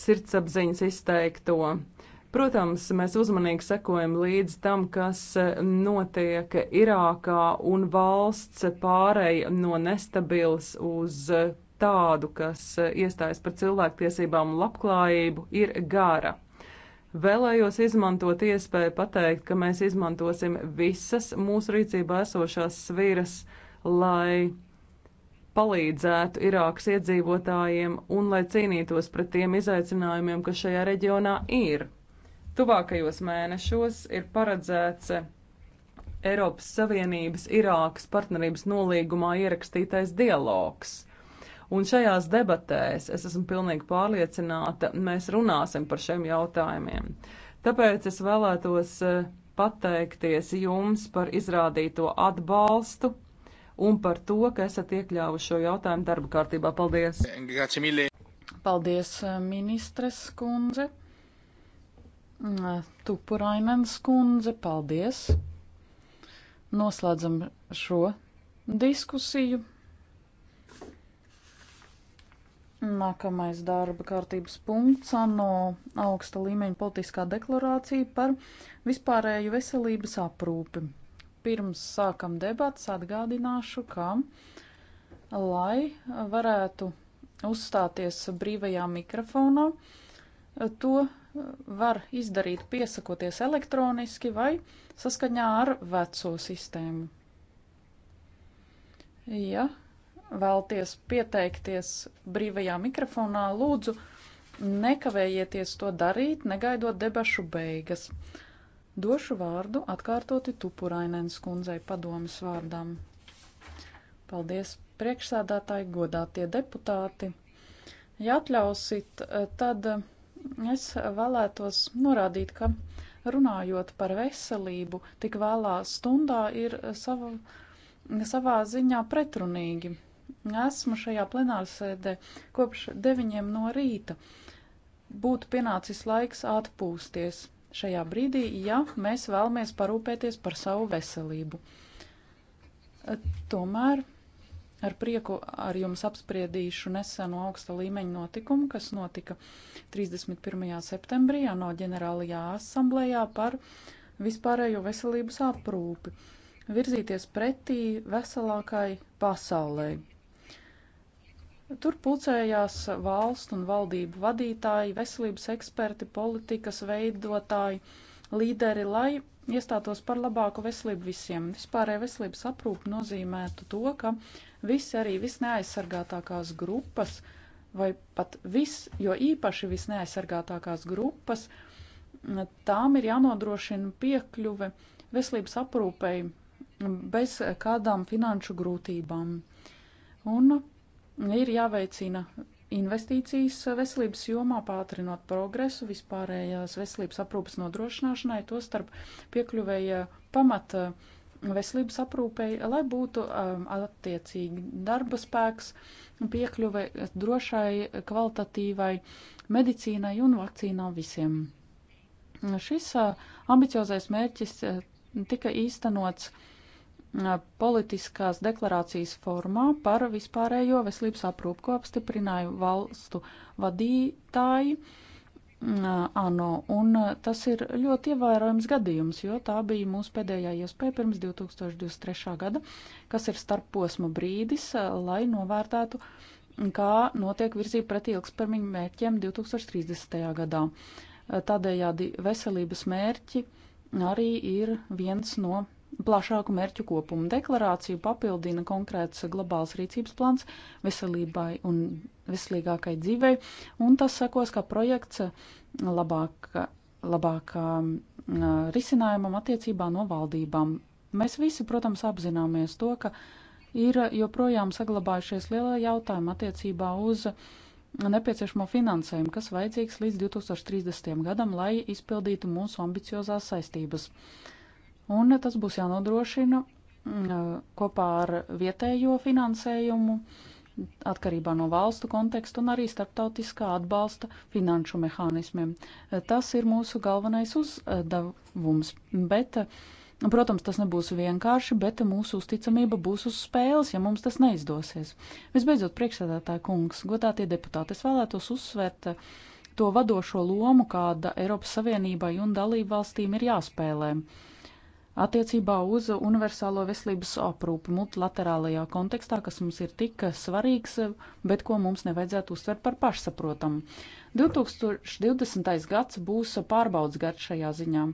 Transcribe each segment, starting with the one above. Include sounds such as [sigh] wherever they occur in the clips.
sirdsapziņas izteikto. Protams, mēs uzmanīgi sekojam līdz tam, kas e, notiek Irākā un valsts pārēja no nestabils uz e, tādu, kas e, iestājas par cilvēktiesībām un labklājību, ir gara. Vēlējos izmantot iespēju pateikt, ka mēs izmantosim visas mūsu rīcībā esošās sviras, lai palīdzētu Irākas iedzīvotājiem un lai cīnītos pret tiem izaicinājumiem, kas šajā reģionā ir. Tuvākajos mēnešos ir paredzēts Eiropas Savienības Irākas partnerības nolīgumā ierakstītais dialogs. Un šajās debatēs, es esmu pilnīgi pārliecināta, mēs runāsim par šiem jautājumiem. Tāpēc es vēlētos eh, pateikties jums par izrādīto atbalstu un par to, ka esat iekļāvuši šo jautājumu darba kārtībā. Paldies! Paldies, eh, ministres kundze! Mm, eh, Tupurainens kundze, paldies! Noslēdzam šo diskusiju. Nākamais darba kārtības punkts - no augsta līmeņa politiskā deklarācija par vispārēju veselības aprūpi pirms sākam debats atgādināšu, ka, lai varētu uzstāties brīvajā mikrofonā, to var izdarīt piesakoties elektroniski vai saskaņā ar veco sistēmu. Ja vēlties pieteikties brīvajā mikrofonā, lūdzu, nekavējieties to darīt, negaidot debašu beigas. Došu vārdu atkārtoti Tupurainens kundzei padomas vārdām. Paldies, priekšsēdētāji, godātie deputāti! Ja atļausit, tad es vēlētos norādīt, ka runājot par veselību, tik vēlā stundā ir sava, savā ziņā pretrunīgi. Esmu šajā plenārsēdē kopš deviņiem no rīta. Būtu pienācis laiks atpūsties šajā brīdī, ja mēs vēlamies parūpēties par savu veselību. Tomēr ar prieku ar jums apspriedīšu nesenu augsta līmeņa notikumu, kas notika 31. septembrī no ģenerālajā asamblējā par vispārējo veselības aprūpi. Virzīties pretī veselākai pasaulē, Tur pulcējās valstu un valdību vadītāji, veselības eksperti, politikas veidotāji, līderi, lai iestātos par labāku veselību visiem. Vispārēja veselības aprūpe nozīmētu to, ka visi arī visneaizsargātākās grupas, vai pat viss, jo īpaši visneaizsargātākās grupas, tām ir jānodrošina piekļuve veselības aprūpei bez kādām finanšu grūtībām. Un ir jāveicina investīcijas veselības jomā, pātrinot progresu vispārējās veselības aprūpas nodrošināšanai, to starp piekļuvēja pamata uh, veselības aprūpei, lai būtu um, attiecīgi darba spēks, piekļuve drošai, kvalitatīvai medicīnai un vakcīnām visiem. Šis uh, ambiciozais mērķis uh, tika īstenots uh, politiskās deklarācijas formā par vispārējo veselības aprūpu, ko apstiprināja valstu vadītāji ANO. Un tas ir ļoti ievērojams gadījums, jo tā bija mūsu pēdējā iespēja pirms 2023. gada, kas ir starposma brīdis, lai novērtētu, kā notiek virzība pret ilgstermiņu mērķiem 2030. gadā. Tādējādi veselības mērķi arī ir viens no Plašāku mērķu kopumu deklarāciju papildina konkrēts globāls rīcības plāns veselībai un veselīgākai dzīvei, un tas sakos kā projekts labāk, labākā um, risinājumam attiecībā no valdībām. Mēs visi, protams, apzināmies to, ka ir joprojām saglabājušies lielā jautājuma attiecībā uz nepieciešamo finansējumu, kas vajadzīgs līdz 2030. gadam, lai izpildītu mūsu ambiciozās saistības. Uh, Un tas būs jānodrošina mm, kopā ar vietējo finansējumu, atkarībā no valstu konteksta un arī starptautiskā atbalsta finanšu mehānismiem. Tas ir mūsu galvenais uzdevums. Bet, protams, tas nebūs vienkārši, bet mūsu uzticamība būs uz spēles, ja mums tas neizdosies. Visbeidzot, priekšsēdētāja kungs, godātie deputāti, es vēlētos uzsvērt to vadošo lomu, kāda Eiropas Savienībai un dalību valstīm ir jāspēlē attiecībā uz universālo veselības aprūpu multilaterālajā kontekstā, kas mums ir tik svarīgs, bet ko mums nevajadzētu uztvert par pašsaprotamu. 2020. gads būs pārbaudas gads šajā ziņā.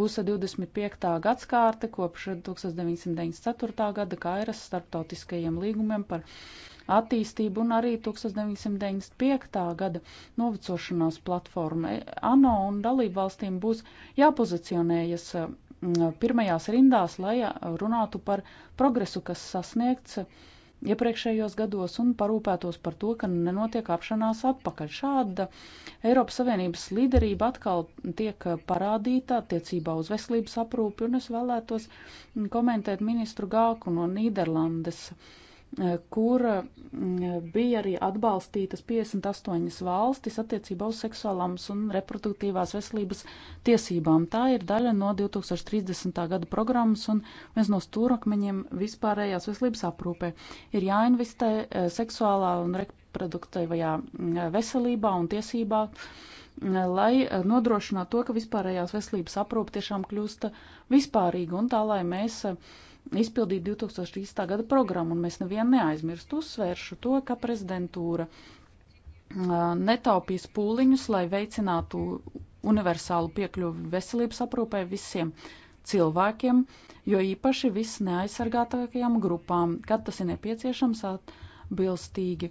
Būs 25. gadskārte kopš 1994. gada Kairas starptautiskajiem līgumiem par attīstību un arī 1995. gada novecošanās platforma e, ANO un dalību valstīm būs jāpozicionējas pirmajās rindās, lai runātu par progresu, kas sasniegts iepriekšējos gados un parūpētos par to, ka nenotiek apšanās atpakaļ. Šāda Eiropas Savienības līderība atkal tiek parādīta attiecībā uz veselības aprūpi, un es vēlētos komentēt ministru Gāku no Nīderlandes. Uh, kur mm, bija arī atbalstītas 58 valstis attiecībā uz seksuālās un reproduktīvās veselības tiesībām. Tā ir daļa no 2030. gada programmas un viens no stūrakmeņiem vispārējās veselības aprūpē. Ir jāinvestē eh, seksuālā un reproduktīvajā mm, veselībā un tiesībā mm, lai eh, nodrošinātu to, ka vispārējās veselības aprūpe tiešām kļūst vispārīga un tā, lai mēs uh, izpildīt 2030. gada programmu, un mēs nevienu neaizmirst. Uzsvēršu to, ka prezidentūra netaupīs pūliņus, lai veicinātu universālu piekļuvi veselības aprūpē visiem cilvēkiem, jo īpaši visneaizsargātākajām grupām, kad tas ir nepieciešams atbilstīgi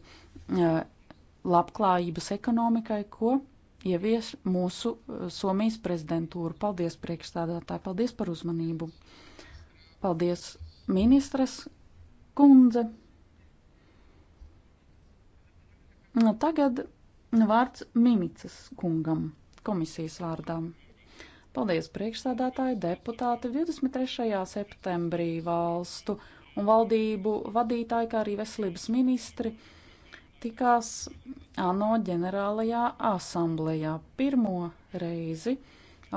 labklājības ekonomikai, ko ievies mūsu Somijas prezidentūra. Paldies priekšstādātāji, paldies par uzmanību! Paldies, ministres kundze. Nu, tagad vārds Mimicas kungam komisijas vārdām. Paldies priekšsādātāji, deputāti 23. septembrī valstu un valdību vadītāji, kā arī veselības ministri tikās ANO ģenerālajā asamblējā pirmo reizi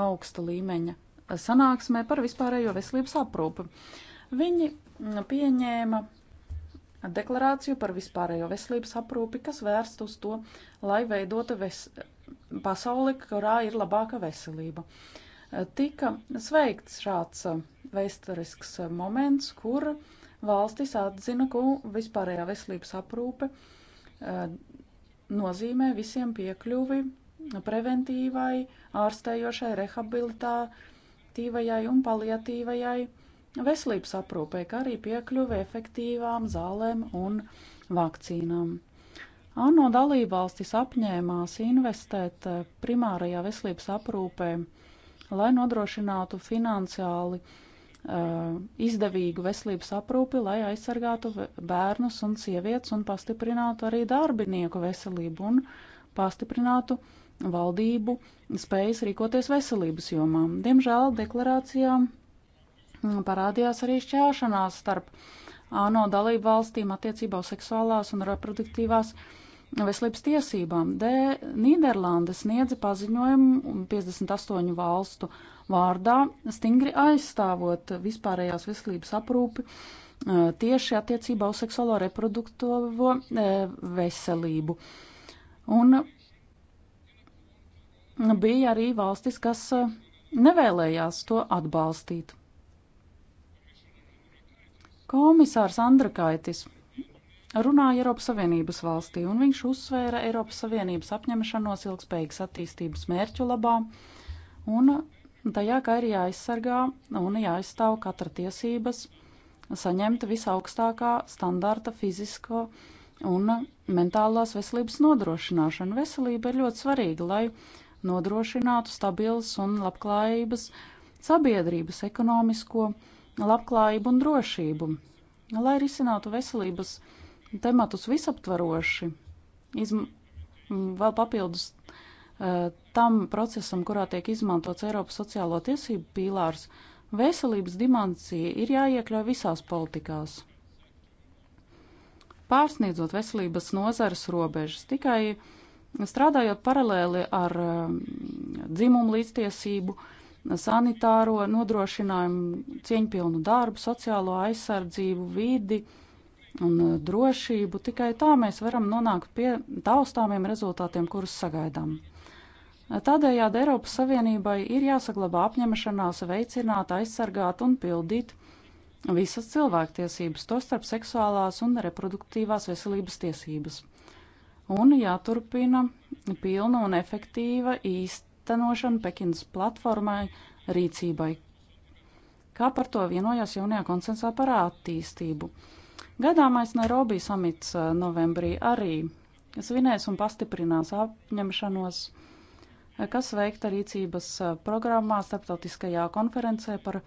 augsta līmeņa sanāksmē par vispārējo veselības aprūpi. Viņi mm, pieņēma deklarāciju par vispārējo veselības aprūpi, kas vērst uz to, lai veidota ves pasauli, kurā ir labāka veselība. Tika sveikts šāds eh, vēsturisks moments, kur valstis atzina, ka vispārējā veselības aprūpe eh, nozīmē visiem piekļuvi preventīvai, ārstējošai, rehabilitācijai aktīvajai un paliatīvajai veselības aprūpei, kā arī piekļuvi efektīvām zālēm un vakcīnām. ANO dalībvalstis apņēmās investēt eh, primārajā veselības aprūpē, lai nodrošinātu finansiāli uh, izdevīgu veselības aprūpi, lai aizsargātu bērnus un sievietes un pastiprinātu arī darbinieku veselību un pastiprinātu uh, valdību spējas rīkoties veselības jomā. Diemžēl deklarācijā mm, parādījās arī šķēšanās starp ANO dalību valstīm attiecībā uz seksuālās un reproduktīvās veselības tiesībām. D. Nīderlanda sniedza paziņojumu 58 valstu vārdā, stingri aizstāvot vispārējās veselības aprūpi eh, tieši attiecībā uz seksuālo reproduktīvo eh, veselību. Un bija arī valstis, kas eh, nevēlējās to atbalstīt. Komisārs Andrakaitis runāja Eiropas Savienības valstī, un viņš uzsvēra Eiropas Savienības apņemšanos ilgspējīgas attīstības mērķu labā, un tajā, ka ir jāaizsargā un jāaizstāv katra tiesības saņemt visaugstākā standarta fizisko un mentālās veselības nodrošināšanu. Veselība ir ļoti svarīga, lai nodrošinātu stabilas un labklājības sabiedrības ekonomisko labklājību un drošību, lai risinātu veselības tematus visaptvaroši, izm, vēl papildus uh, tam procesam, kurā tiek izmantots Eiropas sociālo tiesību pīlārs, veselības dimensija ir jāiekļauj visās politikās. Pārsniedzot veselības nozares robežas, tikai uh, strādājot paralēli ar um, dzimumu līdztiesību, sanitāro nodrošinājumu, cieņpilnu darbu, sociālo aizsardzību, vidi un uh, drošību. Tikai tā mēs varam nonākt pie taustāmiem rezultātiem, kurus sagaidām. Tādējādi Eiropas Savienībai ir jāsaglabā apņemšanās veicināt, aizsargāt un pildīt visas cilvēktiesības, tostarp seksuālās un reproduktīvās veselības tiesības un jāturpina pilna un efektīva īstenošana Pekinas platformai rīcībai, kā par to vienojās jaunajā konsensā par attīstību. Gadāmais Nairobi samits eh, novembrī arī svinēs un pastiprinās apņemšanos, eh, kas veikta rīcības eh, programmā starptautiskajā konferencē par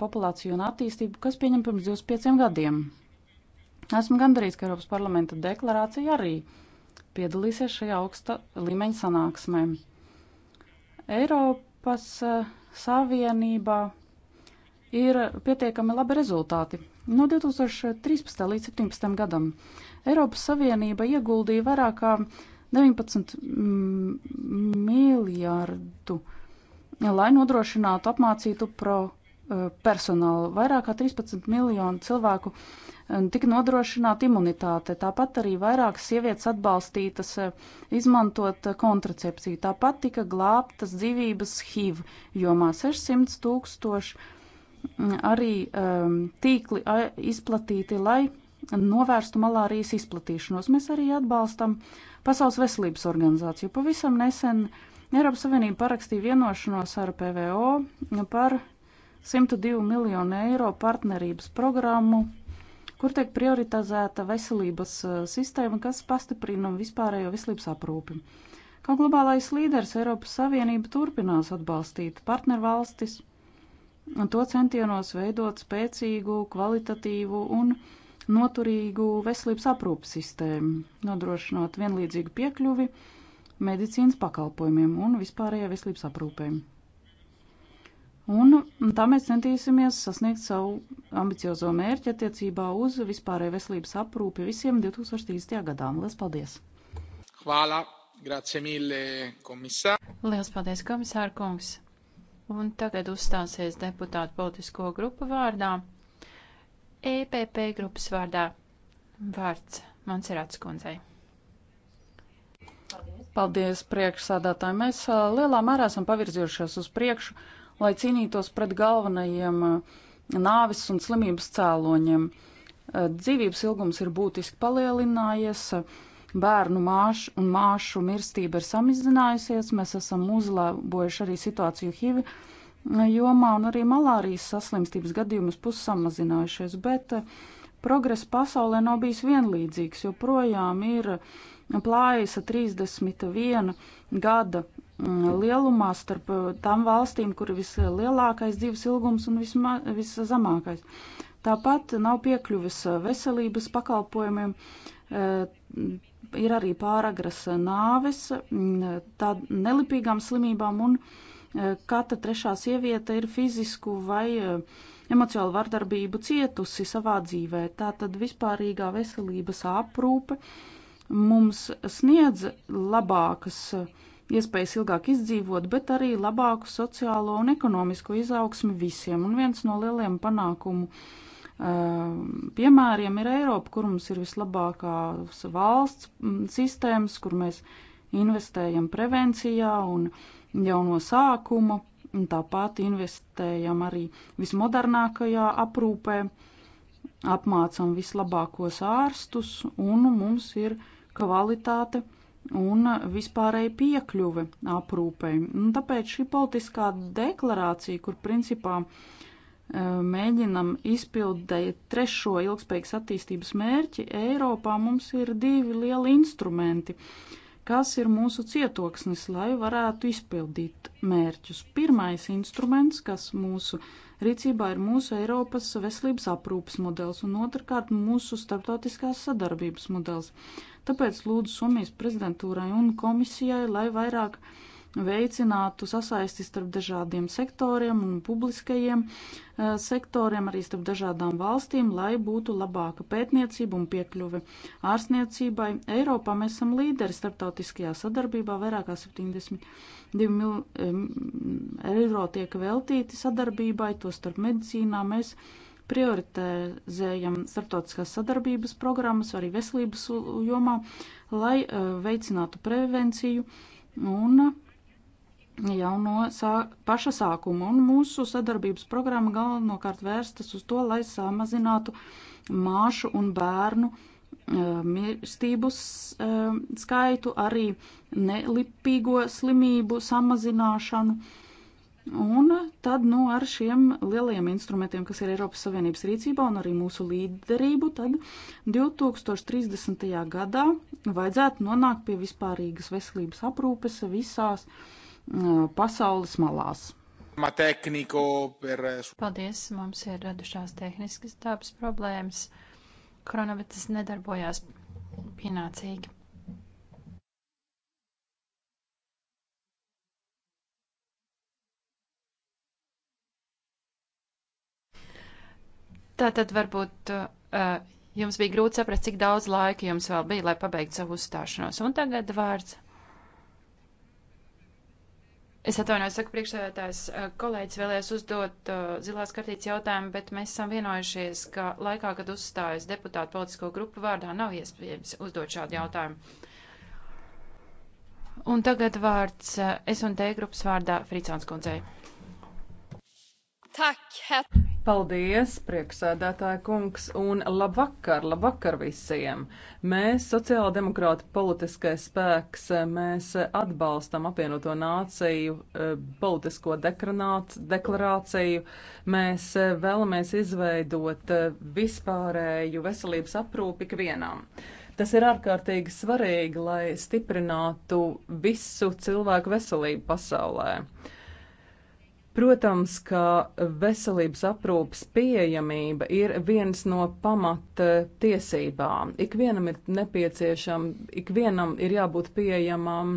populāciju un attīstību, kas pieņem pirms 25 gadiem. Esmu gandarīts, ka Eiropas parlamenta deklarācija arī piedalīsies šajā augsta līmeņa sanāksmē. Eiropas eh, Savienībā ir pietiekami labi rezultāti. No 2013. līdz 2017. gadam Eiropas Savienība ieguldīja vairāk kā 19 mm, miljārdu, lai nodrošinātu apmācītu pro Eh, personālu. Vairāk kā 13 miljonu cilvēku eh, tika nodrošināta imunitāte. Tāpat arī vairākas sievietes atbalstītas eh, izmantot kontracepciju. Tāpat tika glābtas dzīvības HIV jomā 600 tūkstoši mm, arī um, tīkli izplatīti, lai novērstu malārijas izplatīšanos. Mēs arī atbalstam Pasaules veselības organizāciju. Pavisam nesen Eiropas Savienība parakstīja vienošanos ar PVO par 102 miljonu eiro partnerības programmu, kur tiek prioritizēta veselības uh, sistēma, kas pastiprina vispārējo veselības aprūpi. Kā globālais līderis Eiropas Savienība turpinās atbalstīt partnervalstis un to centienos veidot spēcīgu, kvalitatīvu un noturīgu veselības aprūpas sistēmu, nodrošinot vienlīdzīgu piekļuvi medicīnas pakalpojumiem un vispārējai veselības aprūpēm. Un tā mēs centīsimies sasniegt savu ambiciozo mērķi attiecībā uz vispārēju veselības aprūpi visiem 2030. gadā. Lielas paldies! Hvala, grazie mille, komisār! Lielas paldies, komisāra kungs! Un tagad uzstāsies deputātu politisko grupu vārdā, EPP grupas vārdā. Vārds Mancerats kundzei. Paldies, paldies priekšsādātāji. Mēs lielā mērā esam pavirzījušies uz priekšu lai cīnītos pret galvenajiem eh, nāvis un slimības cēloņiem. Eh, dzīvības ilgums ir būtiski palielinājies, eh, bērnu māšu un māšu mirstība ir samazinājusies, mēs esam uzlabojuši arī situāciju HIV jomā un arī malārijas saslimstības gadījumus pusi samazinājušies, bet progress pasaulē nav bijis vienlīdzīgs, jo projām ir plājasa 31 gada Mm, lielumā starp uh, tām valstīm, kur ir vislielākais dzīves ilgums un visma, viszemākais. Tāpat nav piekļuvis uh, veselības pakalpojumiem, uh, ir arī pāragras nāves, mm, tād nelipīgām slimībām un katra trešā sieviete ir fizisku vai emocionālu vardarbību cietusi savā dzīvē. Tā tad vispārīgā veselības aprūpe mums sniedz labākas uh, iespējas ilgāk izdzīvot, bet arī labāku sociālo un ekonomisko izaugsmi visiem. Un viens no lieliem panākumu eh, piemēriem ir Eiropa, kur mums ir vislabākās valsts sistēmas, kur mēs investējam prevencijā un jauno sākumu, un tāpat investējam arī vismodernākajā aprūpē, apmācam vislabākos ārstus, un mums ir kvalitāte un vispārēji piekļuve aprūpei. Un tāpēc šī politiskā deklarācija, kur principā e, mēģinam izpildēt trešo ilgspējīgas attīstības mērķi, Eiropā mums ir divi lieli instrumenti, kas ir mūsu cietoksnis, lai varētu izpildīt mērķus. Pirmais instruments, kas mūsu rīcībā ir mūsu Eiropas veselības aprūpas modelis, un otrkārt mūsu starptautiskās sadarbības modelis. Tāpēc lūdzu Somijas prezidentūrai un komisijai, lai vairāk veicinātu sasaisti starp dažādiem sektoriem un publiskajiem eh, sektoriem, arī starp dažādām valstīm, lai būtu labāka pētniecība un piekļuve ārstniecībai. Eiropā mēs esam līderi starptautiskajā sadarbībā, vairāk kā 72 mil, eiro tiek veltīti sadarbībai, to starp medicīnā mēs prioritizējam starptautiskās sadarbības programmas arī veselības jomā, lai eh, veicinātu prevenciju un jau no sā, paša sākuma. Un mūsu sadarbības programma galvenokārt vērstas uz to, lai samazinātu māšu un bērnu eh, mirstības eh, skaitu, arī nelipīgo slimību samazināšanu Un tad nu, ar šiem lielajiem instrumentiem, kas ir Eiropas Savienības rīcībā un arī mūsu līderību, tad 2030. gadā vajadzētu nonākt pie vispārīgas veselības aprūpes visās uh, pasaules malās. Per... Eh, Paldies, mums ir radušās tehniskas tāpas problēmas. Kronovicis nedarbojās pienācīgi. Tātad varbūt uh, jums bija grūti saprast, cik daudz laika jums vēl bija, lai pabeigtu savu uzstāšanos. Un tagad vārds. Es atvainojos, saka priekšsēdētājs, kolēģis vēlēs uzdot uh, zilās kartītes jautājumu, bet mēs esam vienojušies, ka laikā, kad uzstājas deputātu politisko grupu vārdā, nav iespējams uzdot šādu jautājumu. Un tagad vārds S&T grupas vārdā Fricāns kundzei. Tak, het. Paldies, prieksēdētāja kungs, un labvakar, labvakar visiem! Mēs, sociāldemokrāta politiskais spēks, mēs atbalstam apvienoto nāciju eh, politisko deklarāciju. Mēs eh, vēlamies izveidot eh, vispārēju veselības aprūpi ikvienam. Tas ir ārkārtīgi svarīgi, lai stiprinātu visu cilvēku veselību pasaulē. Protams, ka veselības aprūpas pieejamība ir viens no pamat tiesībām. Ikvienam ir nepieciešam, ikvienam ir jābūt pieejamam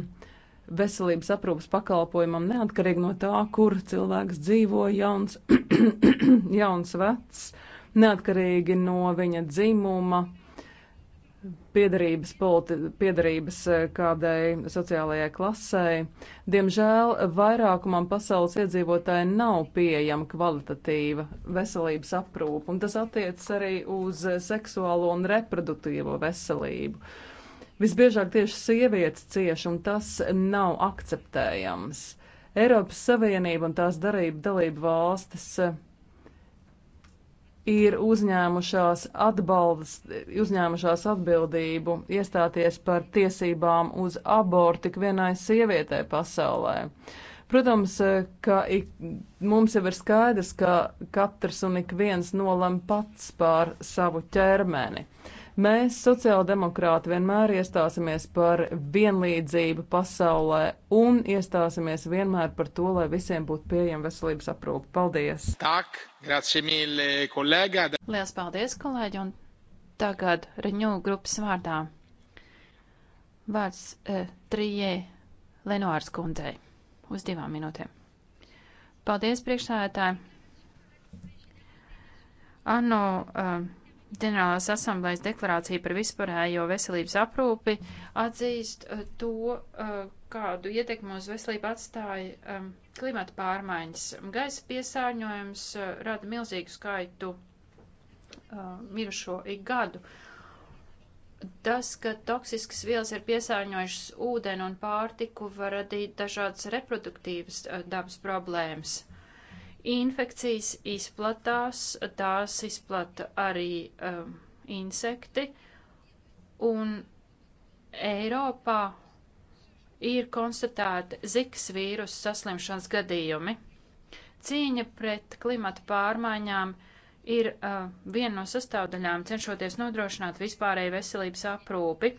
veselības aprūpas pakalpojumam neatkarīgi no tā, kur cilvēks dzīvo, jauns, [clears throat] jauns vecs, neatkarīgi no viņa dzimuma, piedarības, politi, piedarības eh, kādai sociālajai klasei. Diemžēl vairākumam pasaules iedzīvotāji nav pieejama kvalitatīva veselības aprūpa, un tas attiecas arī uz seksuālo un reproduktīvo veselību. Visbiežāk tieši sievietes cieši, un tas nav akceptējams. Eiropas Savienība un tās darība dalība valstis eh, ir uzņēmušās, atbaldes, uzņēmušās atbildību iestāties par tiesībām uz abortu tik vienai sievietē pasaulē. Protams, ka ik, mums jau ir skaidrs, ka katrs un ik viens nolem pats pār savu ķermeni. Uh, Mēs, sociāldemokrāti, vienmēr iestāsimies par vienlīdzību pasaulē un iestāsimies vienmēr par to, lai visiem būtu pieejama veselības aprūpe. Paldies! Tak, grazie mille, kolēga! Lielas paldies, kolēģi, un tagad Reņū grupas vārdā. Vārds e, Trijē Lenoārs kundzei uz divām minūtēm. Paldies, priekšsādātāji! Ano, uh, eh, Ģenerālās asamblējas deklarācija par vispārējo veselības aprūpi atzīst eh, to, eh, kādu ietekmi uz veselību atstāja eh, klimata pārmaiņas. Gaisa piesārņojums rada milzīgu skaitu mirušo ik gadu. Tas, ka toksiskas vielas ir piesārņojušas ūdeni un pārtiku, var radīt dažādas reproduktīvas dabas problēmas. Infekcijas izplatās, tās izplata arī um, insekti, un Eiropā ir konstatēti zikas vīrusu saslimšanas gadījumi. Cīņa pret klimata pārmaiņām uh, ir uh, viena no sastāvdaļām cenšoties nodrošināt vispārēju veselības aprūpi.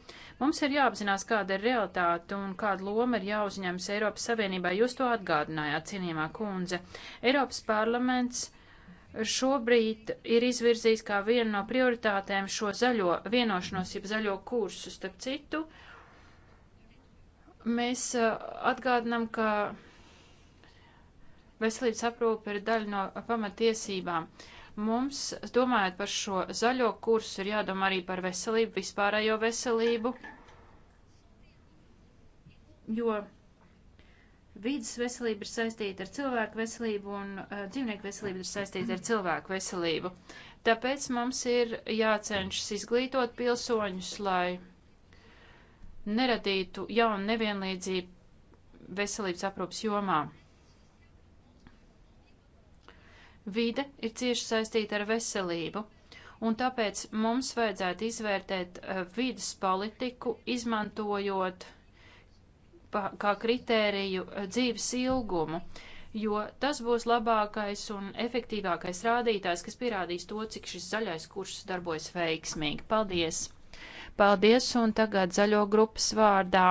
Mums ir jāapzinās, kāda ir realitāte un kāda loma ir jāuzņemas Eiropas Savienībai. Jūs to atgādinājāt, cienījumā kundze. Eiropas parlaments šobrīd ir izvirzījis kā vienu no prioritātēm šo zaļo vienošanos, jeb zaļo kursu starp citu. Mēs uh, atgādinām, ka veselības aprūpe ir daļa no pamatiesībām. Uh, Mums, domājot par šo zaļo kursu, ir jādomā arī par veselību, vispārējo veselību, jo vīdas veselība ir saistīta ar cilvēku veselību un uh, dzīvnieku veselība ir saistīta ar cilvēku veselību. Tāpēc mums ir jācenšas izglītot pilsoņus, lai neradītu jaunu nevienlīdzību veselības aprūpas jomā. Vide ir cieši saistīta ar veselību, un tāpēc mums vajadzētu izvērtēt eh, vidas politiku, izmantojot kā kritēriju eh, dzīves ilgumu, jo tas būs labākais un efektīvākais rādītājs, kas pierādīs to, cik šis zaļais kurs darbojas veiksmīgi. Paldies! Paldies, un tagad zaļo grupas vārdā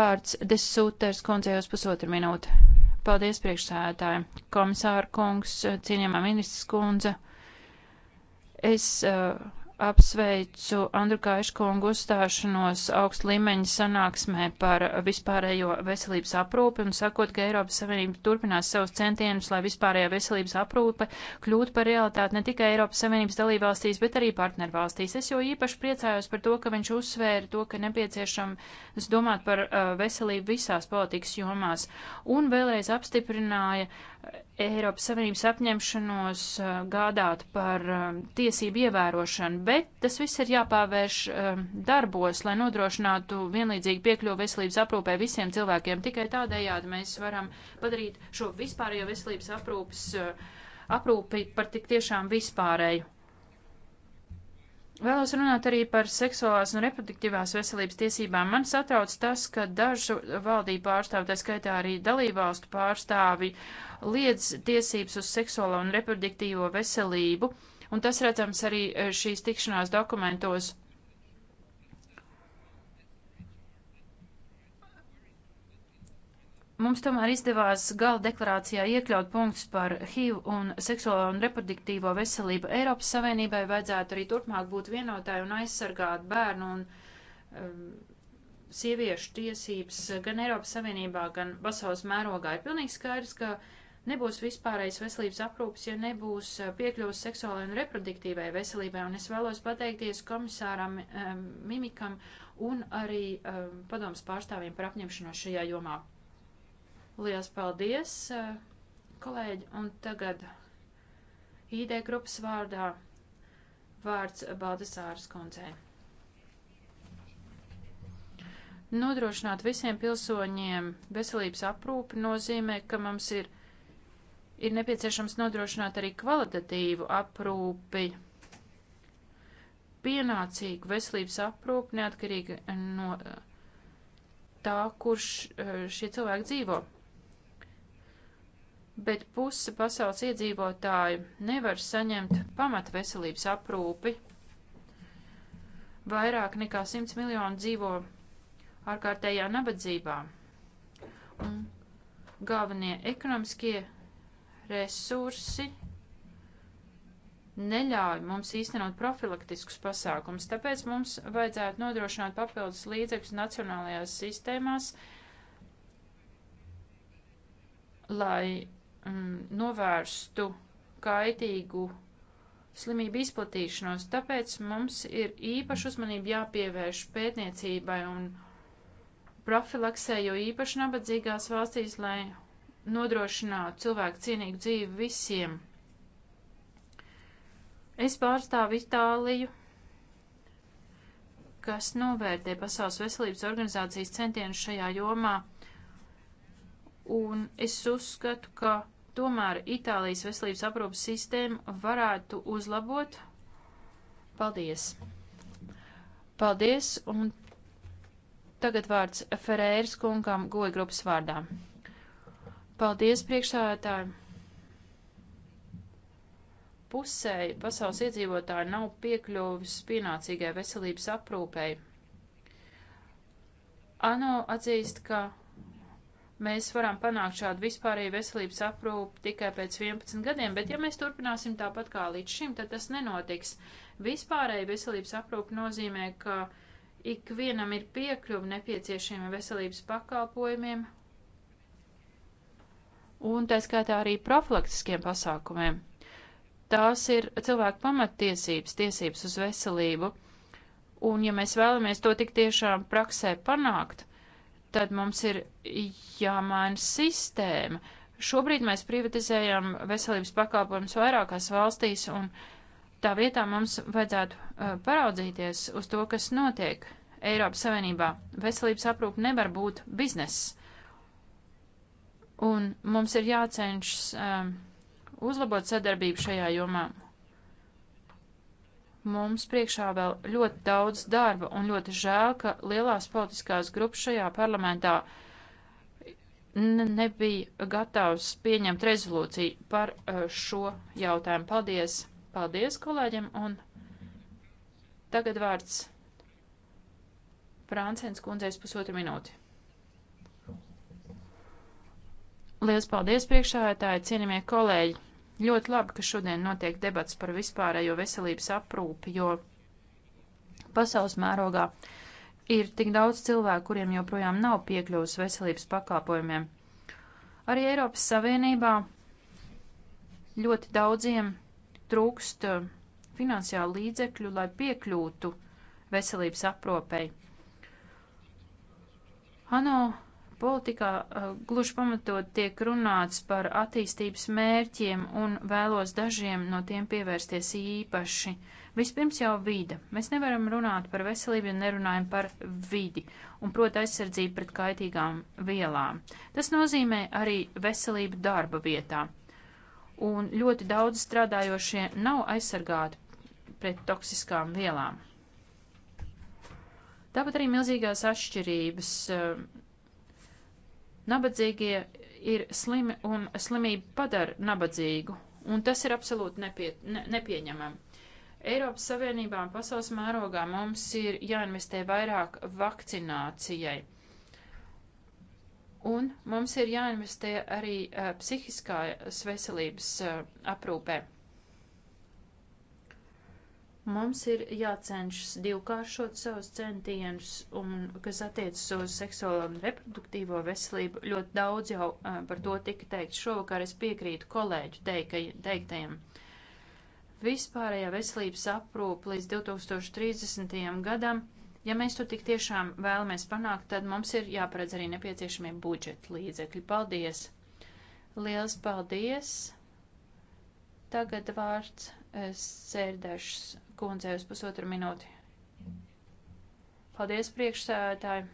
vārds desūters kundzei uz pusotru minūti. Paldies priekšsēdētājiem. Komisāra kungs, cienījamā ministrs kundze. Es uh, apsveicu Andru Kaiškungu uzstāšanos augst līmeņa sanāksmē par vispārējo veselības aprūpi un sakot, ka Eiropas Savienība turpinās savus centienus, lai vispārējā veselības aprūpe kļūtu par realitāti ne tikai Eiropas Savienības dalībvalstīs, bet arī partnervalstīs. Es jau īpaši priecājos par to, ka viņš uzsvēra to, ka nepieciešams domāt par uh, veselību visās politikas jomās un vēlreiz apstiprināja, uh, Eiropas Savienības apņemšanos uh, gādāt par um, tiesību ievērošanu, bet tas viss ir jāpāvērš um, darbos, lai nodrošinātu vienlīdzīgu piekļuvu veselības aprūpē visiem cilvēkiem. Tikai tādējādi mēs varam padarīt šo vispārējo veselības aprūpes uh, aprūpi par tik tiešām vispārēju. Vēlos runāt arī par seksuālās un reproduktīvās veselības tiesībām. Man satrauc tas, ka dažu valdību pārstāvi, tā skaitā arī dalībvalstu pārstāvi, liedz tiesības uz seksuālo un reproduktīvo veselību, un tas redzams arī eh, šīs tikšanās dokumentos. Mums tomēr izdevās gala deklarācijā iekļaut punktus par HIV un seksuālo un reproduktīvo veselību. Eiropas Savienībai vajadzētu arī turpmāk būt vienotāji un aizsargāt bērnu un um, sieviešu tiesības gan Eiropas Savienībā, gan pasaules mērogā. Ir pilnīgi skaidrs, ka nebūs vispārējais veselības aprūps, ja nebūs uh, piekļuvas seksuālajai un reproduktīvai veselībai. Un es vēlos pateikties komisāram um, Mimikam un arī um, padomas pārstāvjiem par apņemšanos šajā jomā. Lielas paldies, kolēģi, un tagad ID grupas vārdā vārds Baldesāras kundzei. Nodrošināt visiem pilsoņiem veselības aprūpi nozīmē, ka mums ir, ir nepieciešams nodrošināt arī kvalitatīvu aprūpi, pienācīgu veselības aprūpi, neatkarīgi no tā, kurš šie cilvēki dzīvo bet puse pasaules iedzīvotāju nevar saņemt pamat veselības aprūpi. Vairāk nekā 100 miljoni dzīvo ārkārtējā nabadzībā. Un galvenie ekonomiskie resursi neļauj mums īstenot profilaktiskus pasākumus, tāpēc mums vajadzētu nodrošināt papildus līdzekļus nacionālajās sistēmās, lai mm, novērstu kaitīgu slimību izplatīšanos, tāpēc mums ir īpaši uzmanība jāpievērš pētniecībai un profilaksē, jo īpaši nabadzīgās valstīs, lai nodrošinātu cilvēku cienīgu dzīvi visiem. Es pārstāvu Itāliju, kas novērtē Pasaules veselības organizācijas centienus šajā jomā, un es uzskatu, ka Tomēr Itālijas veselības aprūpas sistēmu varētu uzlabot. Paldies! Paldies! Un tagad vārds Ferēras kungam goja grupas vārdā. Paldies priekšstādātājiem! Pusēji pasaules iedzīvotāji nav piekļuvis pienācīgai veselības aprūpei. ANO atzīst, ka mēs varam panākt šādu vispārēju veselības aprūpu tikai pēc 11 gadiem, bet ja mēs turpināsim tāpat kā līdz šim, tad tas nenotiks. Vispārēja veselības aprūpa nozīmē, ka ikvienam ir piekļuva nepieciešamiem veselības pakalpojumiem un tā skaitā arī profilaktiskiem pasākumiem. Tās ir cilvēku pamattiesības, tiesības uz veselību, un ja mēs vēlamies to tik tiešām praksē panākt, tad mums ir jāmaina sistēma. Šobrīd mēs privatizējam veselības pakalpojumus vairākās valstīs, un tā vietā mums vajadzētu uh, paraudzīties uz to, kas notiek Eiropas Savienībā. Veselības aprūpe nevar būt bizness, un mums ir jācenšas uh, uzlabot sadarbību šajā jomā. Mums priekšā vēl ļoti daudz darba un ļoti žēl, ka lielās politiskās grupas šajā parlamentā nebija gatavs pieņemt rezolūciju par eh, šo jautājumu. Paldies! Paldies kolēģiem! Un tagad vārds Prānsens kundzēs pusotru minūti. Liels paldies priekšājātāji, cienījamie kolēģi! Ļoti labi, ka šodien notiek debats par vispārējo veselības aprūpi, jo pasaules mērogā ir tik daudz cilvēku, kuriem joprojām nav piekļuvis veselības pakāpojumiem. Arī Eiropas Savienībā ļoti daudziem trūkst eh, finansiālu līdzekļu, lai piekļūtu veselības aprūpei. ANO Politikā uh, gluži pamatot tiek runāts par attīstības mērķiem un vēlos dažiem no tiem pievērsties īpaši. Vispirms jau vīda. Mēs nevaram runāt par veselību, ja nerunājam par vidi un, proti, aizsardzību pret kaitīgām vielām. Tas nozīmē arī veselību darba vietā. Un ļoti daudz strādājošie nav aizsargāti pret toksiskām vielām. Tāpat arī milzīgās atšķirības uh, Nabadzīgie ir slimi un slimība padara nabadzīgu, un tas ir absolūti nepie, ne, nepieņemami. Eiropas Savienībā un pasaules mērogā mums ir jāinvestē vairāk vakcinācijai. Un mums ir jāinvestē arī uh, eh, psihiskās eh, veselības uh, aprūpē. Mums ir jācenšas divkāršot savus centienus, un kas attiecas uz seksuālo un reproduktīvo veselību, ļoti daudz jau uh, par to tika teikt. Šovakar es piekrītu kolēģu teiktajiem. Vispārējā veselības aprūpa līdz 2030. gadam, ja mēs to tik tiešām vēlamies panākt, tad mums ir jāparedz arī nepieciešamie budžeta līdzekļi. Paldies! Liels paldies! Tagad vārds sērdešs kundzei uz pusotru minūti. Paldies, priekšsēdētāji!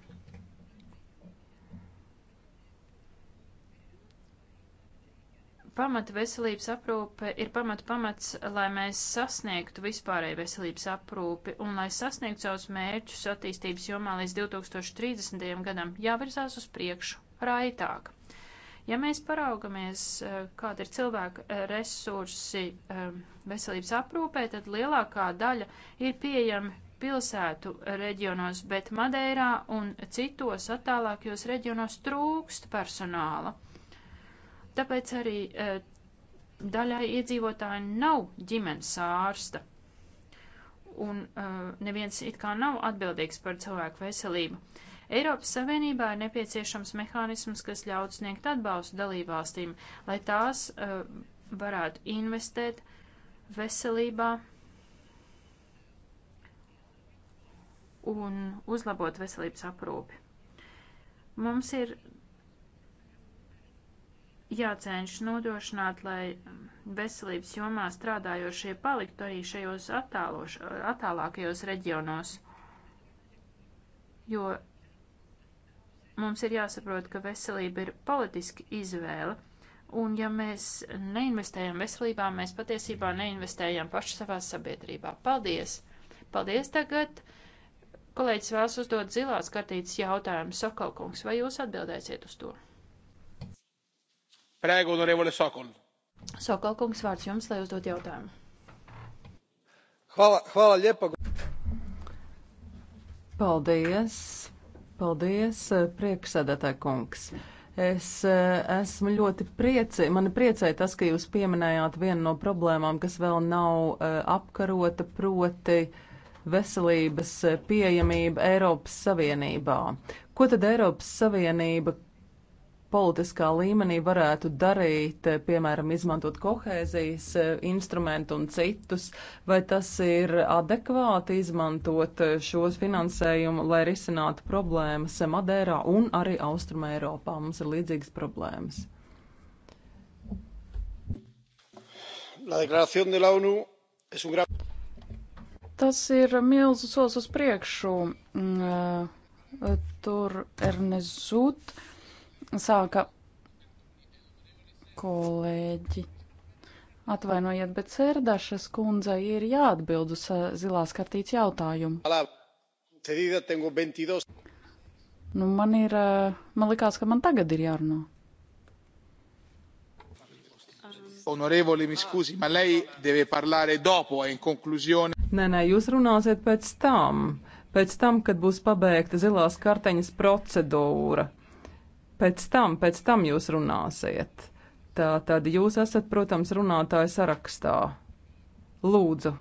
Pamata veselības aprūpe ir pamata pamats, lai mēs sasniegtu vispārēju veselības aprūpi un lai sasniegtu savus mērķus attīstības jomā līdz 2030. gadam jāvirzās uz priekšu raitāk. Ja mēs paraugamies, eh, kāda ir cilvēka eh, resursi eh, veselības aprūpē, tad lielākā daļa ir pieejama pilsētu reģionos, bet Madeirā un citos attālākajos reģionos trūkst personāla. Tāpēc arī daļai iedzīvotāji nav ģimenes ārsta un uh, neviens it kā nav atbildīgs par cilvēku veselību. Eiropas Savienībā ir nepieciešams mehānisms, kas ļauj sniegt atbalstu dalībvalstīm, lai tās uh, varētu investēt veselībā un uzlabot veselības aprūpi. Mums ir jācenšas nodrošināt, lai veselības jomā strādājošie paliktu arī šajos attāloš, attālākajos reģionos, jo Mums ir jāsaprot, ka veselība ir politiska izvēle, un ja mēs neinvestējam veselībā, mēs patiesībā neinvestējam paši savā sabiedrībā. Paldies! Paldies tagad! Kolēģis vēlas uzdot zilās kartītes jautājumu Sokolkungs, vai jūs atbildēsiet uz to? Prēgu un revole Sokol. Sokolkungs vārds jums, lai uzdot jautājumu. Hvala, hvala lijepa. Paldies! Paldies, eh, prieksēdētāji kungs. Es eh, esmu ļoti priecīga. Mani priecēja tas, ka jūs pieminējāt vienu no problēmām, kas vēl nav eh, apkarota, proti veselības pieejamība Eiropas Savienībā. Ko tad Eiropas Savienība politiskā līmenī varētu darīt, eh, piemēram, izmantot kohēzijas eh, instrumentu un citus, vai tas ir adekvāti izmantot eh, šos finansējumu, lai risinātu problēmas Madērā un arī Austrumē Eiropā. Mums ir līdzīgas problēmas. La declaración de la ONU es un gran... Tas ir milzu solis uz priekšu. Mm, tur Ernest Zut sāka kolēģi. Atvainojiet, bet Sērdašas kundzei ir jāatbild uz eh, zilās kartītes jautājumu. Nu, man ir, eh, man likās, ka man tagad ir jārunā. Onorevoli, mi scusi, ma lei deve parlare dopo e in conclusione. Nē, nē, jūs runāsiet pēc tam, pēc tam, kad būs pabeigta zilās karteņas procedūra. Pēc tam, pēc tam jūs runāsiet. Tā tad jūs esat, protams, runātāja sarakstā. Lūdzu.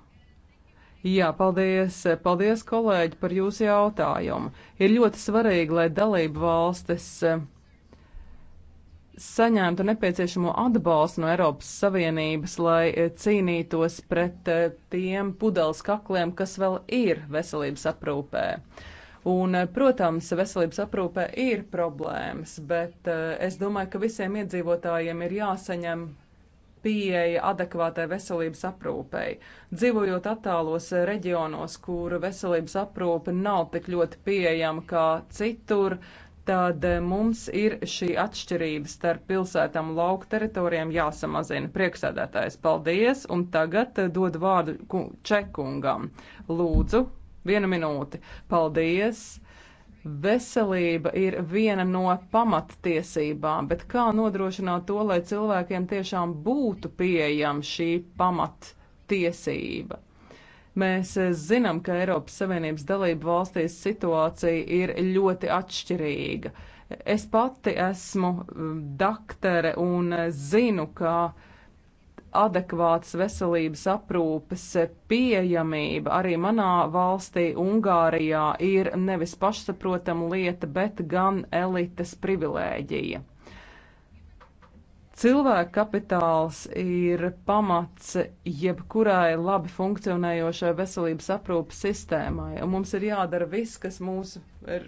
Jā, paldies, paldies, kolēģi, par jūsu jautājumu. Ir ļoti svarīgi, lai dalību valstis eh, saņemtu nepieciešamo atbalstu no Eiropas Savienības, lai eh, cīnītos pret eh, tiem pudeles kakliem, kas vēl ir veselības aprūpē. Un, eh, protams, veselības aprūpē ir problēmas, bet eh, es domāju, ka visiem iedzīvotājiem ir jāsaņem pieeja adekvātai veselības aprūpei. Dzīvojot attālos eh, reģionos, kur veselības aprūpe nav tik ļoti pieejama kā citur, tad mums ir šī atšķirība starp pilsētām un lauku teritorijām jāsamazina. Prieksēdētājs, paldies! Un tagad dod vārdu Čekungam. Lūdzu, Viena minūte. Paldies! Veselība ir viena no pamattiesībām, bet kā nodrošināt to, lai cilvēkiem tiešām būtu pieejama šī pamattiesība? Mēs eh, zinām, ka Eiropas Savienības dalību valstīs situācija ir ļoti atšķirīga. Es pati esmu eh, daktere un eh, zinu, ka uh, adekvātas veselības aprūpes pieejamība arī manā valstī, Ungārijā, ir nevis pašsaprotama lieta, bet gan elites privilēģija. Cilvēka kapitāls ir pamats jebkurai labi funkcionējošai veselības aprūpas sistēmai, un mums ir jādara viss, kas mūsu er,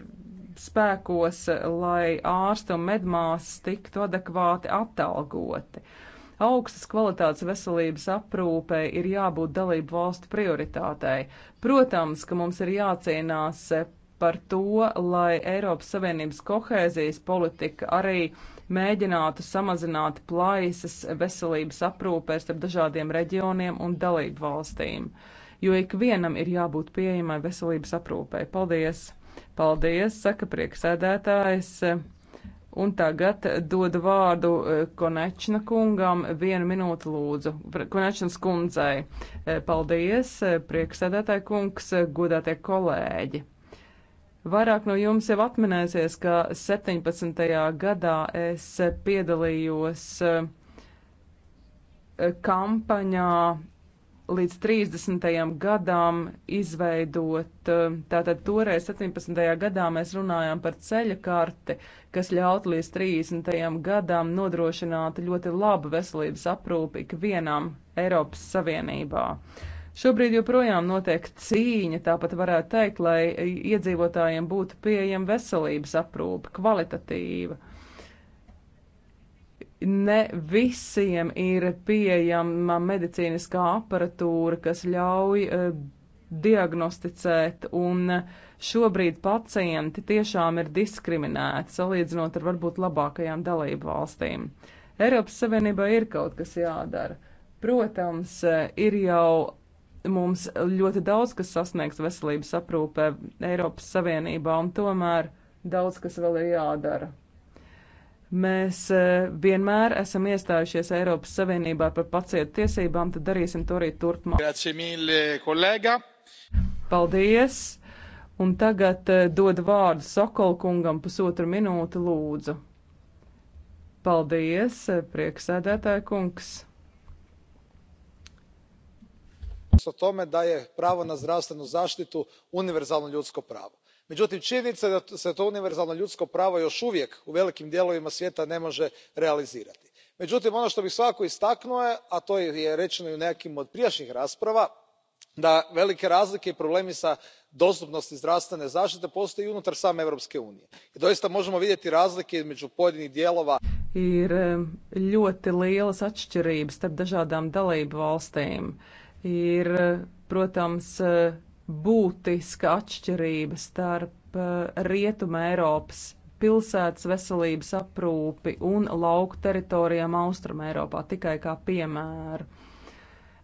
spēkos, lai ārsti un medmās tiktu adekvāti atalgoti. Uh, Augstas kvalitātes veselības aprūpē ir jābūt dalību valstu prioritātei. Protams, ka mums ir jācīnās par to, lai Eiropas Savienības kohēzijas politika arī mēģinātu samazināt plaisas veselības aprūpē starp dažādiem reģioniem un dalību valstīm, jo ikvienam ir jābūt pieejamai veselības aprūpē. Paldies! Paldies, saka prieksēdētājs. Un tagad dodu vārdu eh, Konečna kungam vienu minūtu lūdzu. Konečnas kundzei. Eh, paldies, eh, prieksēdētāji kungs, godātie kolēģi. Vairāk no jums jau atminēsies, ka 17. gadā es piedalījos kampaņā līdz 30. gadam izveidot, eh, tātad toreiz 17. gadā mēs runājām par ceļa karti, kas ļaut līdz 30. gadam nodrošināt ļoti labu veselības aprūpi ikvienam Eiropas Savienībā. Šobrīd joprojām notiek cīņa, tāpat varētu teikt, lai iedzīvotājiem būtu pieejama veselības aprūpe, kvalitatīva ne visiem ir pieejama medicīniskā aparatūra, kas ļauj uh, diagnosticēt, un šobrīd pacienti tiešām ir diskriminēti, salīdzinot ar varbūt labākajām dalību valstīm. Eiropas Savienībā ir kaut kas jādara. Protams, e, ir jau mums ļoti daudz, kas sasniegts veselības aprūpē Eiropas Savienībā, un tomēr daudz, kas vēl ir jādara. Mēs e, vienmēr esam iestājušies Eiropas Savienībā par pacientu tiesībām, tad darīsim to arī turpmāk. Paldies! Un tagad e, dod vārdu Sokolkungam pusotru minūti lūdzu. Paldies, e, prieksēdētāja kungs! o tome da je pravo na zdravstvenu zaštitu univerzalno ljudsko pravo međutim činjenica je da se to univerzalno ljudsko pravo još uvijek u velikim dijelovima svijeta ne može realizirati. međutim ono što bih svakako istaknuo a to je rečeno i u nekim od prijašnjih rasprava da velike razlike i problemi s dostupnosti zdravstvene zaštite postoje i unutar same europske unije i doista možemo vidjeti razlike između pojedinih dijelova. ir e, ļoti lielas atšķirības starp dažādām dalību valstīm. Ir, e, protams, e, būtiska atšķirība starp eh, Rietuma Eiropas pilsētas veselības aprūpi un lauku teritorijām Austrum Eiropā, tikai kā piemēru.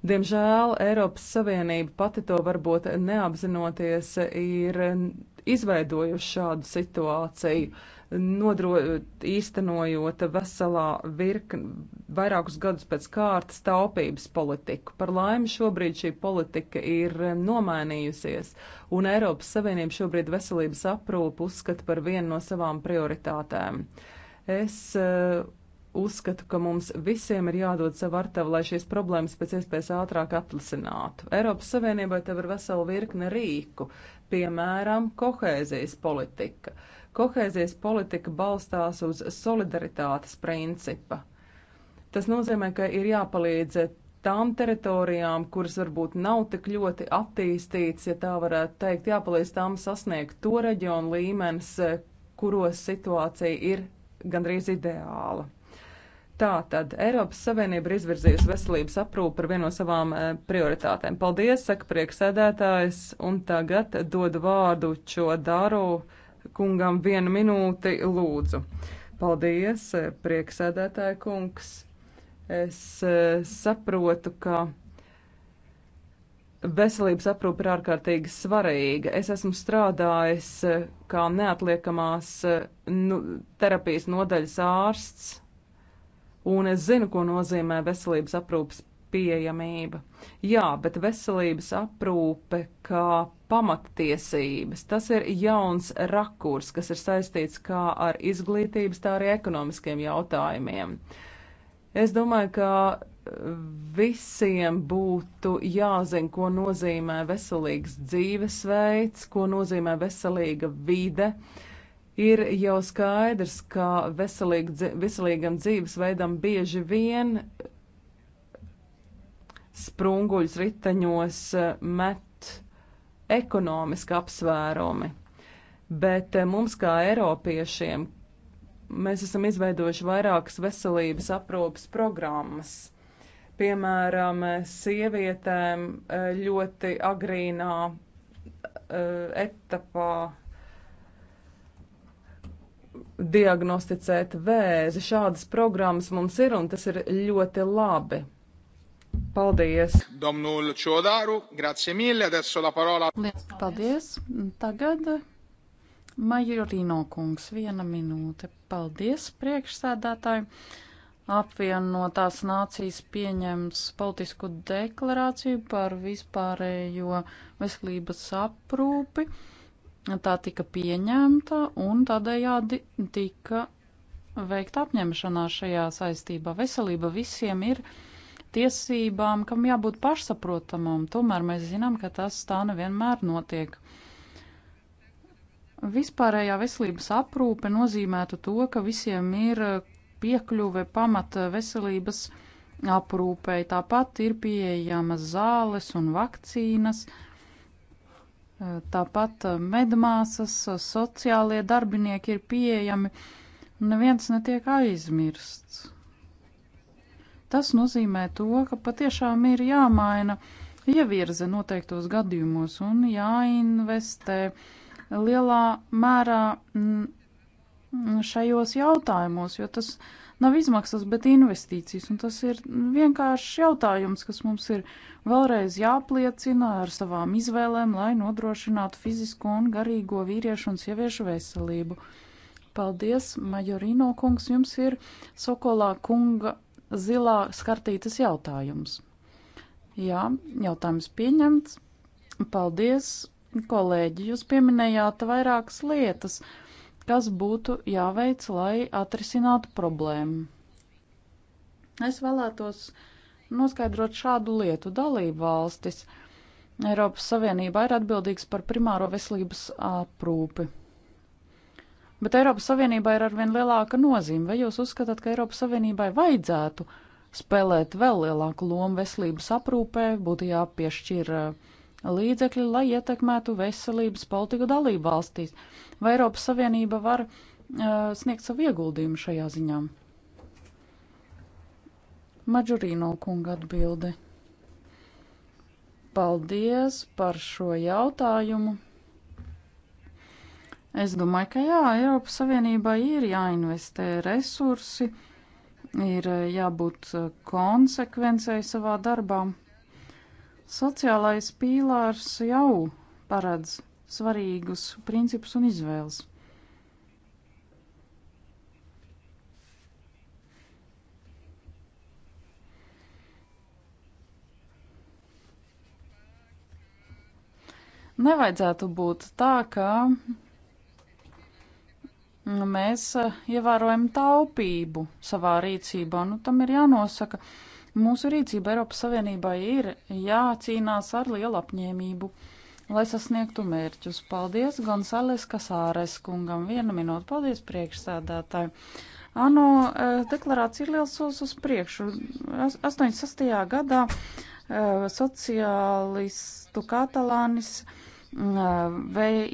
Diemžēl Eiropas Savienība pati to varbūt neapzinoties ir izveidojuši šādu situāciju, nodro, īstenojot veselā virkni vairākus gadus pēc kārtas taupības politiku. Par laimi šobrīd šī politika ir nomainījusies, un Eiropas Savienība šobrīd veselības aprūpu uzskata par vienu no savām prioritātēm. Es uh, uzskatu, ka mums visiem ir jādod savu artavu, lai šīs problēmas pēc iespējas ātrāk atrisinātu. Eiropas Savienībai tev ir vesela virkne rīku, piemēram, kohēzijas politika. Kohēzijas politika balstās uz solidaritātes principa Tas nozīmē, ka ir jāpalīdz tām teritorijām, kuras varbūt nav tik ļoti attīstītas, ja tā varētu teikt, jāpalīdz tām sasniegt to reģionu līmenis, kuros situācija ir gandrīz ideāla. Tātad Eiropas Savienība ir izvirzījusi veselības aprūpu par vienu no savām eh, prioritātēm. Paldies, saka prieksēdētājs, un tagad dodu vārdu šo daru kungam vienu minūti lūdzu. Paldies, eh, prieksēdētāja kungs. Es eh, saprotu, ka veselības aprūpe ir ārkārtīgi svarīga. Es esmu strādājis eh, kā neatliekamās eh, nu, terapijas nodaļas ārsts, un es zinu, ko nozīmē veselības aprūpes pieejamība. Jā, bet veselības aprūpe kā pamattiesības, tas ir jauns rakurs, kas ir saistīts kā ar izglītības, tā arī ekonomiskiem jautājumiem. Uh, Es domāju, ka visiem būtu jāzina, ko nozīmē veselīgs dzīvesveids, ko nozīmē veselīga vide. Ir jau skaidrs, ka veselīg, veselīgam dzīvesveidam bieži vien sprunguļus riteņos eh, met ekonomiski apsvērumi. Bet eh, mums, kā Eiropiešiem, mēs esam izveidojuši vairākas veselības aprūpas programmas. Piemēram, sievietēm eh, ļoti agrīnā eh, etapā diagnosticēt vēzi. Šādas programmas mums ir, un tas ir ļoti labi. Paldies! Domnul Čodāru, grazie mille, adesso la parola. Paldies! Tagad Majorino kungs, viena minūte. Paldies, priekšsēdētāji. Apvienotās nācijas pieņems politisku deklarāciju par vispārējo veselības aprūpi. Tā tika pieņemta un tādējādi tika veikta apņemšanās šajā saistībā. Veselība visiem ir tiesībām, kam jābūt pašsaprotamam. Tomēr mēs zinām, ka tas tā nevienmēr notiek. Uh, Vispārējā veselības aprūpe nozīmētu to, ka visiem ir eh, piekļuve pamata eh, veselības aprūpei. Tāpat ir pieejamas zāles un vakcīnas, eh, tāpat medmāsas, sociālie darbinieki ir pieejami. Neviens netiek aizmirsts. Tas nozīmē to, ka patiešām ir jāmaina ievirze noteiktos gadījumos un jāinvestē lielā mērā mm, šajos jautājumos, jo tas nav izmaksas, bet investīcijas. Un tas ir vienkārši jautājums, kas mums ir vēlreiz jāpliecina ar savām izvēlēm, lai nodrošinātu fizisko un garīgo vīriešu un sieviešu veselību. Paldies, Majorino kungs, jums ir Sokolā kunga zilā skartītas jautājums. Jā, jautājums pieņemts. Paldies, Kolēģi, jūs pieminējāt vairākas lietas, kas būtu jāveic, lai atrisinātu problēmu. Es vēlētos noskaidrot šādu lietu. Dalību valstis Eiropas Savienībā ir atbildīgs par primāro veselības aprūpi. Bet Eiropas Savienībā ir arvien lielāka nozīme. Vai jūs uzskatāt, ka Eiropas Savienībai vajadzētu spēlēt vēl lielāku lomu veselības aprūpē, būtu jāpiešķir uh, līdzekļi, lai ietekmētu veselības politiku dalību valstīs. Vai Eiropas Savienība var uh, sniegt savu ieguldījumu šajā ziņā? Maģurīno kunga atbilde. Paldies par šo jautājumu. Es domāju, ka jā, Eiropas Savienībai ir jāinvestē resursi, ir uh, jābūt uh, konsekvencei savā darbā. Sociālais pīlārs jau paredz svarīgus principus un izvēles. Nevajadzētu būt tā, ka mēs ievērojam taupību savā rīcībā. Nu, tam ir jānosaka Mūsu rīcība Eiropas Savienībai ir jācīnās ar lielu apņēmību, lai sasniegtu mērķus. Paldies Gonzales Kasāres kungam. Vienu minūtu. Paldies priekšsēdētāji. ANO eh, deklarācija ir liels solis uz priekšu. 86. gadā eh, sociālistu katalānis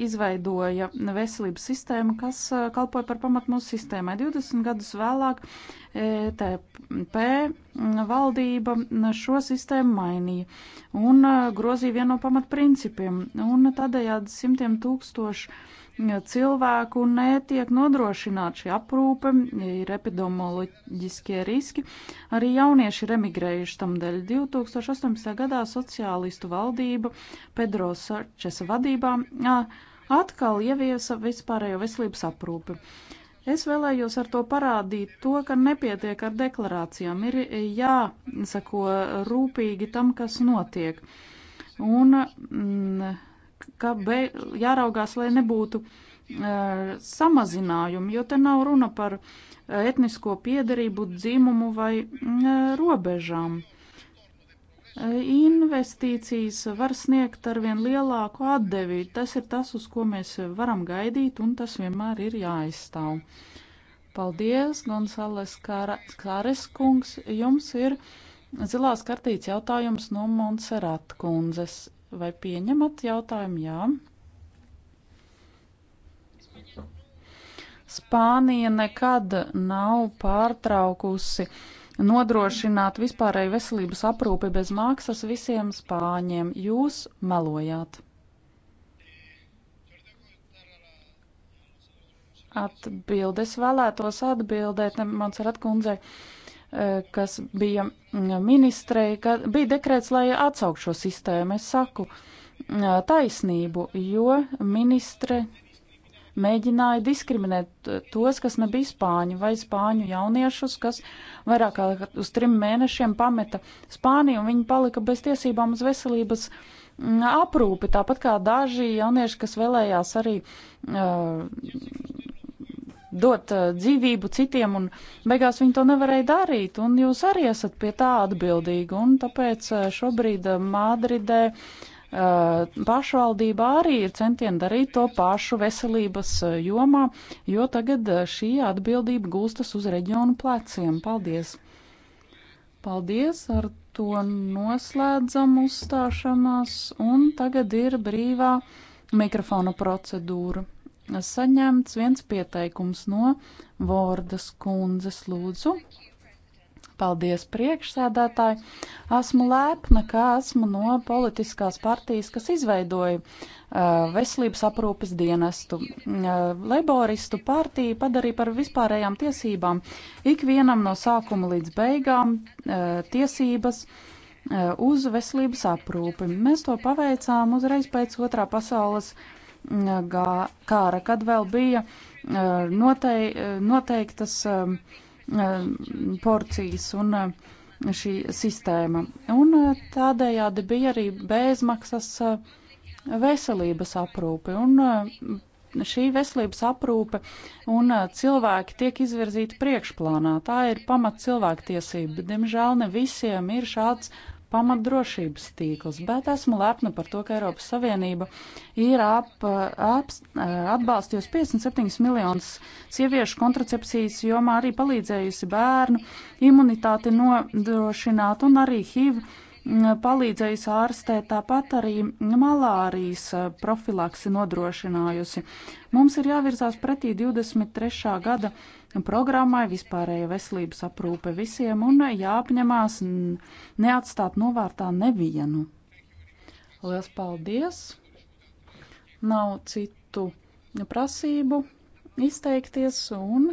izveidoja veselības sistēmu, kas kalpoja par pamatu mūsu sistēmai. 20 gadus vēlāk ETP valdība šo sistēmu mainīja un grozīja vienu no pamatprincipiem, un tādējādi simtiem tūkstošu cilvēku netiek nodrošināta šī aprūpe, ir epidemioloģiskie riski. Arī jaunieši ir emigrējuši tam dēļ. 2018. gadā sociālistu valdība Pedro Sarčesa vadībā atkal ieviesa vispārējo veselības aprūpi. Es vēlējos ar to parādīt to, ka nepietiek ar deklarācijām, ir jāsako rūpīgi tam, kas notiek. Un, mm, ka be, jāraugās, lai nebūtu uh, samazinājumu, jo te nav runa par uh, etnisko piedarību, dzimumu vai mm, robežām. Uh, investīcijas var sniegt ar vien lielāku atdevi. Tas ir tas, uz ko mēs varam gaidīt, un tas vienmēr ir jāaizstāv. Paldies, Gonzales Kāres kungs. Jums ir zilās kartīts jautājums no Montserrat kundzes. Vai pieņemat jautājumu? Jā. Spānija nekad nav pārtraukusi nodrošināt vispārēju veselības aprūpi bez maksas visiem spāņiem. Jūs melojāt. Atbildes vēlētos atbildēt, Monserat kundzei. Eh, kas bija mm, ministrei, ka bija dekrēts, lai atsaukt šo sistēmu. Es saku eh, taisnību, jo ministre mēģināja diskriminēt eh, tos, kas nebija spāņi vai spāņu jauniešus, kas vairāk kā uz trim mēnešiem pameta Spāniju un viņi palika bez tiesībām uz veselības mm, aprūpi, tāpat kā daži jaunieši, kas vēlējās arī uh, dot eh, dzīvību citiem, un beigās viņi to nevarēja darīt, un jūs arī esat pie tā atbildīgi, un tāpēc eh, šobrīd eh, Madridē pašvaldība arī ir centieni darīt to pašu veselības jomā, jo tagad šī atbildība gūstas uz reģionu pleciem. Paldies! Paldies! Ar to noslēdzam uzstāšanās, un tagad ir brīvā mikrofona procedūra saņemts viens pieteikums no Vordas kundzes lūdzu. Paldies priekšsēdētāji. Esmu lēpna, ka esmu no politiskās partijas, kas izveidoja uh, veselības aprūpes dienestu. Uh, Laboristu partija padarīja par vispārējām tiesībām ikvienam no sākuma līdz beigām uh, tiesības uh, uz veselības aprūpi. Mēs to paveicām uzreiz pēc otrā pasaules uh, kāra, kad vēl bija notei, noteiktas porcijas un šī sistēma. Un tādējādi bija arī bezmaksas veselības aprūpe. Un šī veselības aprūpe un cilvēki tiek izvirzīti priekšplānā. Tā ir pamat cilvēktiesība. Diemžēl ne visiem ir šāds pamatdrošības tīkls, bet esmu lepna par to, ka Eiropas Savienība ir ap, ap, atbalstījusi 57 miljonus sieviešu kontracepcijas jomā, arī palīdzējusi bērnu imunitāti nodrošināt un arī HIV palīdzējusi ārstēt, tāpat arī malārijas profilaksi nodrošinājusi. Mums ir jāvirzās pretī 23. gada programmai vispārēja veselības aprūpe visiem un jāapņemās neatstāt novārtā nevienu. Lielas paldies! Nav citu prasību izteikties un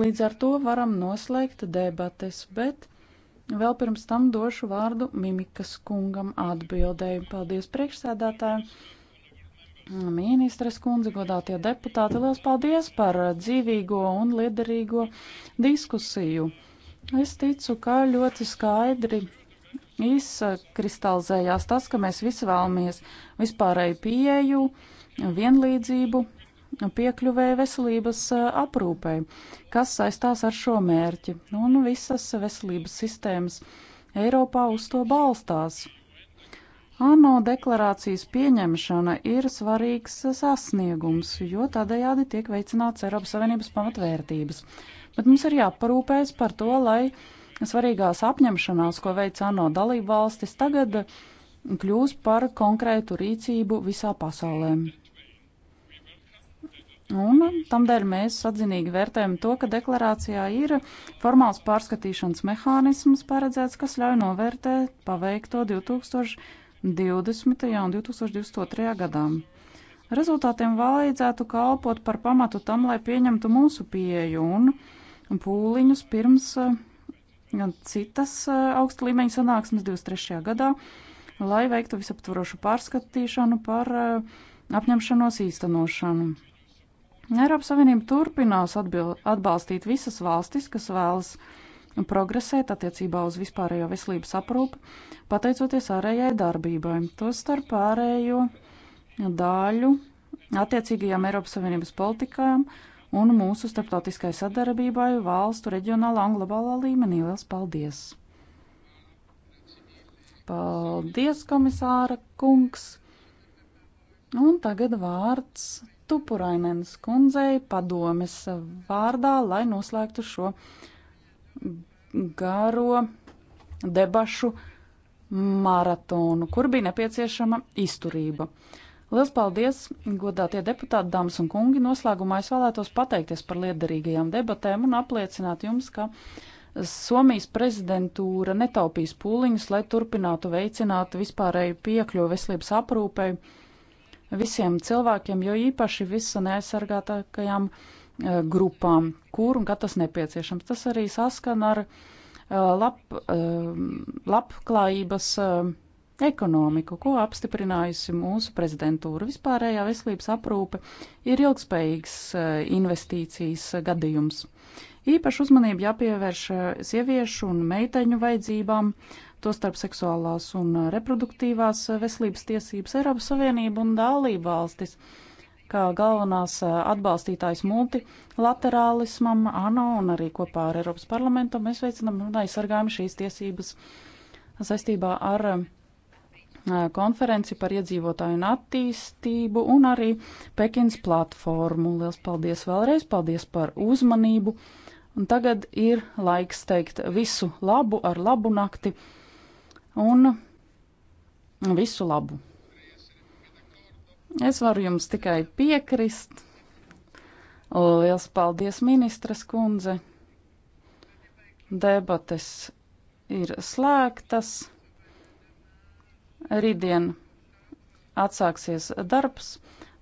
līdz ar to varam noslēgt debates, bet vēl pirms tam došu vārdu Mimikas kungam atbildēju. Paldies priekšsēdētājiem! Ministres kundze, godātie deputāti, liels paldies par dzīvīgo un liederīgo diskusiju. Es ticu, ka ļoti skaidri izkristalizējās tas, ka mēs visi vēlamies vispārēju pieeju, vienlīdzību, piekļuvēja veselības aprūpei, kas saistās ar šo mērķi, un visas veselības sistēmas Eiropā uz to balstās. ANO deklarācijas pieņemšana ir svarīgs sasniegums, jo tādējādi tiek veicināts Eiropas Savienības pamatvērtības. Bet mums ir jāparūpējas par to, lai svarīgās apņemšanās, ko veic ANO dalību valstis, tagad kļūs par konkrētu rīcību visā pasaulē. Un tamdēļ mēs atzinīgi vērtējam to, ka deklarācijā ir formāls pārskatīšanas mehānisms paredzēts, kas ļauj novērtēt paveikto 2000. 2020. un 2022. gadā. Rezultātiem vajadzētu kalpot par pamatu tam, lai pieņemtu mūsu pieeju un pūliņus pirms eh, citas eh, augsta līmeņa sanāksmes 23. gadā, lai veiktu visaptvarošu pārskatīšanu par eh, apņemšanos īstenošanu. Eiropas Savienība turpinās atbil, atbalstīt visas valstis, kas vēlas uh, progresēt attiecībā uz vispārējo veselības aprūpu, pateicoties ārējai darbībai, to starp ārējo daļu attiecīgajām Eiropas Savienības politikām un mūsu starptautiskai sadarbībai valstu reģionālā un globālā līmenī. Lielas paldies! Paldies, komisāra kungs! Un tagad vārds Tupurainens kundzei padomes vārdā, lai noslēgtu šo garo debašu maratonu, kur bija nepieciešama izturība. Lielas paldies, godātie deputāti, dāmas un kungi! Noslēgumā es vēlētos pateikties par liederīgajām debatēm un apliecināt jums, ka Somijas prezidentūra netaupīs pūliņus, lai turpinātu veicināt vispārēju piekļuvu veselības aprūpei visiem cilvēkiem, jo īpaši visa neaizsargātākajām personām Eh, grupām, kur un kad tas nepieciešams. Tas arī saskana ar eh, lab, eh, labklājības ekonomiku, ko apstiprinājusi mūsu prezidentūra. Vispārējā veselības aprūpe ir ilgspējīgs investīcijas gadījums. Īpaši uzmanību jāpievērš sieviešu un meiteņu vajadzībām, tostarp seksuālās un reproduktīvās veselības tiesības Eiropas Savienība un dalība valstis kā galvenās atbalstītājs multilaterālismam, ANO un arī kopā ar Eiropas parlamentu. Mēs veicinām un aizsargājam šīs tiesības saistībā ar konferenci par iedzīvotāju un attīstību un arī Pekins platformu. Liels paldies vēlreiz, paldies par uzmanību. Un tagad ir laiks teikt visu labu ar labu nakti un visu labu! Es varu jums tikai piekrist. Liels paldies, ministras kundze. Debates ir slēgtas. Rītdien atsāksies darbs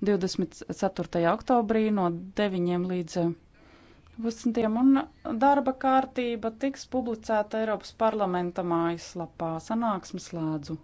24. oktobrī no 9 līdz 12. un darba kārtība tiks publicēta Eiropas parlamenta mājaslapā. Sanāksmes slēdzu.